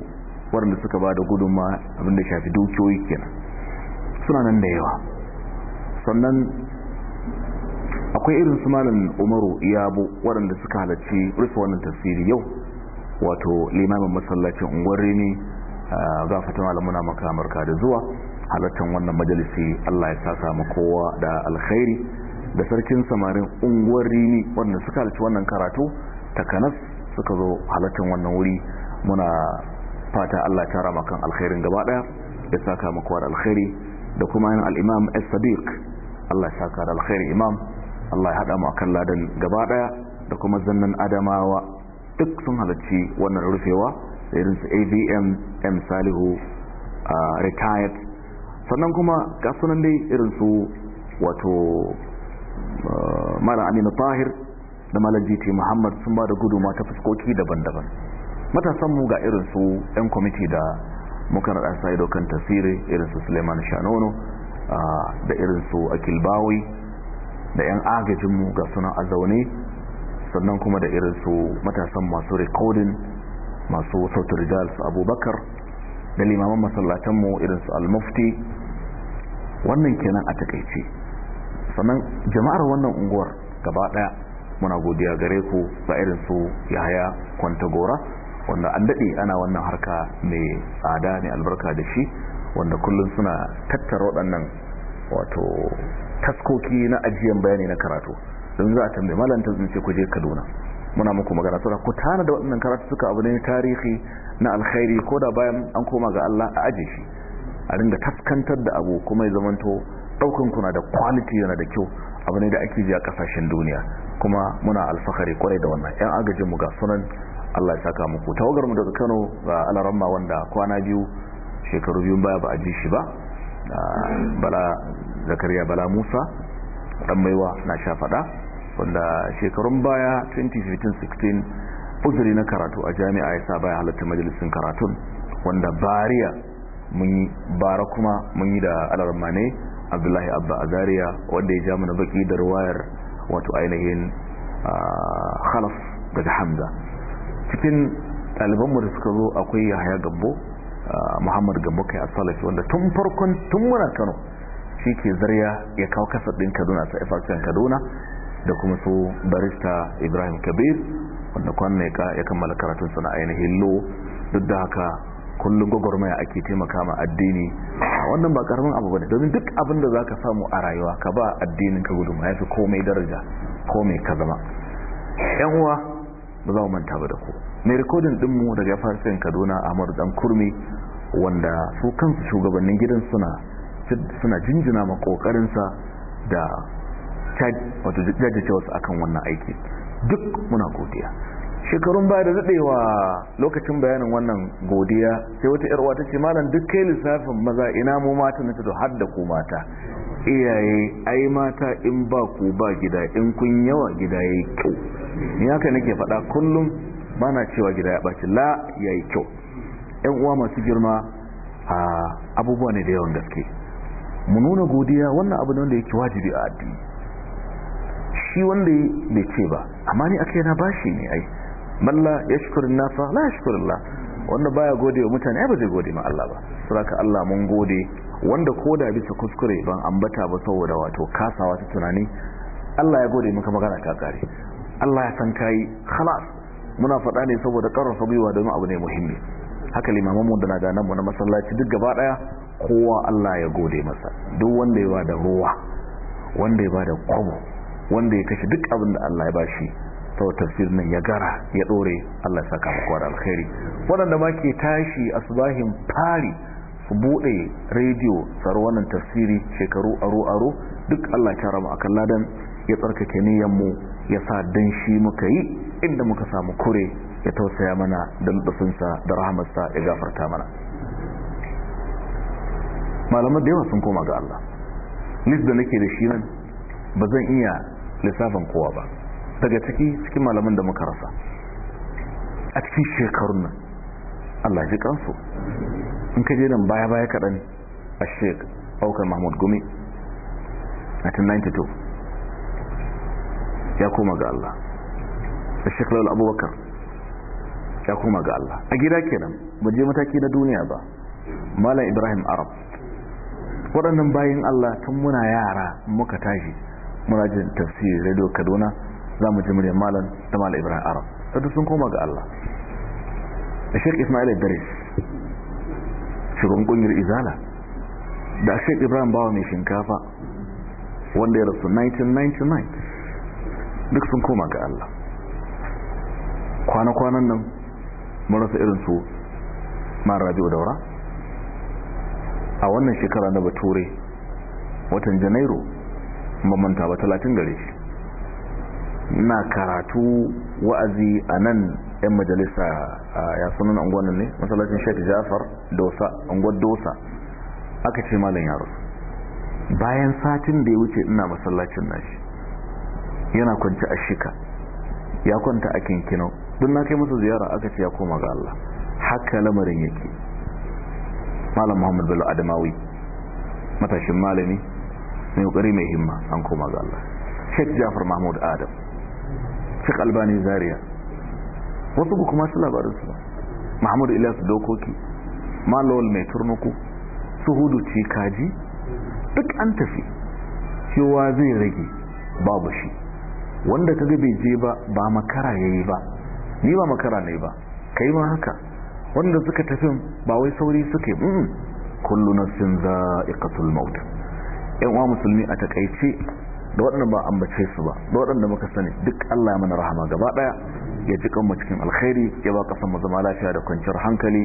waɗanda suka ba da gudunma abinda shafi dukiyoyi kenan suna nan da yawa sannan akwai irin su malin umaru iyabo waɗanda suka halarci rufe wannan tasiri yau wato limamin masallacin unguwar rini. za a fata malamuna maka amurka da zuwa halartar wannan majalisi allah ya sasa ma kowa da alkhairi da sarkin samarin unguwar rini wanda suka halci wannan karatu takanas suka zo halattar wannan wuri muna fata Allah ta rama kan alkhairin gaba daya ya saka maka da alkhairi da kuma yin al as-sadiq Allah ya saka da alkhairi imam Allah ya hada mu akan ladan gaba daya da kuma zannan adamawa duk sun halarci wannan rufewa irin su AVM M Salihu retired sannan kuma ga sunan dai irin su wato malam aminu tahir da malajiti muhammad sun ba da guduma ta fuskoki daban-daban matasan mu ga irin su yan kwamiti da muka naɗa sa ido kan tasiri irin su suleiman shanono da irin su akilbawi da yan agajinmu ga suna a zaune sannan kuma da irin su matasan masu rikodin masu sautin rijal su abubakar da limaman masallatanmu irin su almufti wannan kenan a takaice sannan jama'ar wannan unguwar gaba daya muna godiya gare ku ba irin su yahaya kwantagora wanda an daɗe ana wannan harka mai tsada mai albarka da shi wanda kullum suna tattara waɗannan wato taskoki na ajiyan bayani na karatu don za a tambaye malam ta ce ku je kaduna muna muku magana tsara ku tana da waɗannan karatu suka abu ne tarihi na alkhairi ko da bayan an koma ga allah a aje shi a ringa taskantar da abu kuma ya zamanto daukan na da quality yana da kyau abu ne da ake ji a kasashen duniya kuma muna alfahari kwarai da wannan yan agajin mu ga sunan Allah ya saka muku tawagar mu daga Kano ga Alaramma wanda kwana biyu shekaru biyu baya ba a ji shi ba ah, bala zakariya bala Musa dan maiwa na sha fada wanda shekarun baya 2015-16 uzuri na karatu a jami'a ya sa baya halatta majalisun karatun wanda bariya mun yi bara kuma mun yi da alarma ne abdullahi abba Zariya wanda ya ja mana baki da ruwayar wato ainihin ah, khalaf daga hamza cikin ɗalibanmu da suka zo akwai yahaya gabbo ah, muhammad Gambo kai asalafi wanda tun farkon tun muna kano shi ke zarya ya kawo kasar ɗin kaduna ta ifacin kaduna da kuma su barista ibrahim kabir wanda kwanan ya kammala karatun na ainihin lo duk da haka kullum gwagwarmaya ake taimaka ma addini wannan ba karamin abu bane domin duk abin da za ka samu a rayuwa ka ba addinin ka gudunma fi komai daraja komai ka zama yan uwa ba za mu manta ba da ku mai rikodin din daga farfin Kaduna Ahmadu Dan Kurmi wanda su kansu shugabannin gidan suna suna jinjina ma kokarin da wato jajjace wasu akan wannan aiki duk muna godiya shekarun baya da daɗewa lokacin bayanin wannan godiya sai wata yarwa ta ce malam duk kai lissafin maza ina mu mata na tudu har da ku mata iyaye ai mata in ba ku ba gida in kun yawa gida ya yi kyau ni haka nake faɗa kullum ba na cewa gida ya ɓaci la ya yi kyau yan uwa masu girma a abubuwa ne da yawan gaske mu nuna godiya wannan abu ne wanda yake wajibi a addini shi wanda bai ce ba amma ni aka yana bashi ne ai malla ya shukuri nasa la ya shukuri la wanda baya gode wa mutane ba zai gode ma Allah ba suraka Allah mun gode wanda ko da bisa kuskure ban ambata ba saboda wato kasawa ta tunani Allah ya gode maka magana ta kare Allah ya san kai khalas muna faɗa ne saboda karin gwiwa don abu ne muhimmi haka limamin mu da na nan mu na masallaci duk gaba daya kowa Allah ya gode masa duk wanda ya da ruwa wanda ya da kwabo wanda ya kashe duk abin da Allah ya bashi tattawa tafsir nan ya gara ya dore Allah ya saka muku alkhairi waɗanda ma ke tashi asbahin fari su bude rediyo tsaro wannan tafsiri shekaru aro aro duk Allah ya karama akan ladan ya tsarkake niyyar mu ya sa dan shi muka yi inda muka samu kure ya tausaya mana da sa da rahamarsa ya gafarta mana malamai da yawa sun koma ga Allah list da nake da shi nan ba zan iya lissafin kowa ba daga ciki cikin malaman da muka rasa a cikin shekarun nan Allah ji kansu in ka je nan baya baya kaɗan a sheik aukar mahmud gumi 1992 ya koma ga Allah a sheik lalu abubakar ya koma ga Allah a gida kenan ba je mataki na duniya ba malam ibrahim arab waɗannan bayan Allah tun muna yara muka tashi muna jin tafsir radio kaduna za mu ji muryar malam da mal ibrahim aram ta sun koma ga allah da shek ismail idris shugaban kungiyar izala da shek ibrahim bawa mai shinkafa wanda ya rasu 1999 duk sun koma ga allah kwana-kwanan nan marasa irin su mara rabi'u daura a wannan shekara na bature watan janairu mamanta ba talatin gare shi na karatu wa'azi a nan yan majalisa ya yasunan angonan ne masallacin sheik jafar dosa angon dosa aka ce malin yaro bayan satin da ya wuce ina masallacin nashi yana kwanci a shika ya kwanta a kinkino don na kai masa ziyara aka ce ya koma ga Allah haka lamarin yake malam muhammad bello adamawi matashin malami mai kokari mai himma an koma ga Allah sheik jafar mahmud adam shi albani Zariya wasu ku kuma shi labarinsu ba mahmud ilyas dokoki malawal mai turnuku su hudu ce kaji duk an tafi cewa zai rage babu shi wanda kaga bai je ba ba makara ya yi ba ni ba makara ne ba kai ma haka wanda suka tafi ba wai sauri suka suke kullu nafsin za'iqatul maut yan uwa musulmi a takaice da waɗanda ba ambace su ba da waɗanda muka sani duk Allah mana rahama gaba daya ya ji kanmu cikin alkhairi ya ba kasan mu zama lafiya da kwanciyar hankali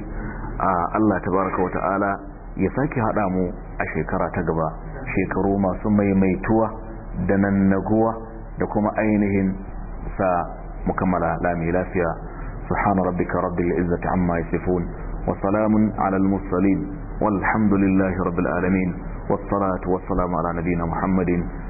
a Allah tabaraka wa ta'ala ya sake hada mu a shekara ta gaba shekaru masu maimaituwa da nan naguwa da kuma ainihin sa mukammala lami lafiya subhana rabbika rabbil izzati amma yasifun wa salamun alal mursalin والحمد لله رب العالمين والصلاة والسلام على نبينا محمد